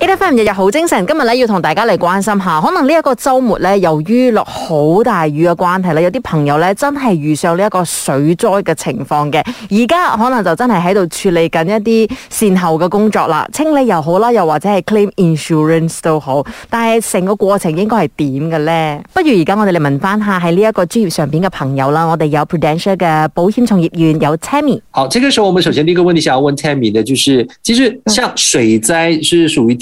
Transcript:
A. D. F. 日日好精神，今日咧要同大家嚟關心下。可能呢一個周末咧，由於落好大雨嘅關係咧，有啲朋友咧真係遇上呢一個水災嘅情況嘅。而家可能就真係喺度處理緊一啲善後嘅工作啦，清理又好啦，又或者係 claim insurance 都好。但係成個過程應該係點嘅咧？不如而家我哋嚟問翻下喺呢一個專業上邊嘅朋友啦。我哋有 Prudential 嘅保險從業員有 Tammy。好，這個時候我們首先第一個問題想要問 Tammy 嘅，就是其實像水災是屬於？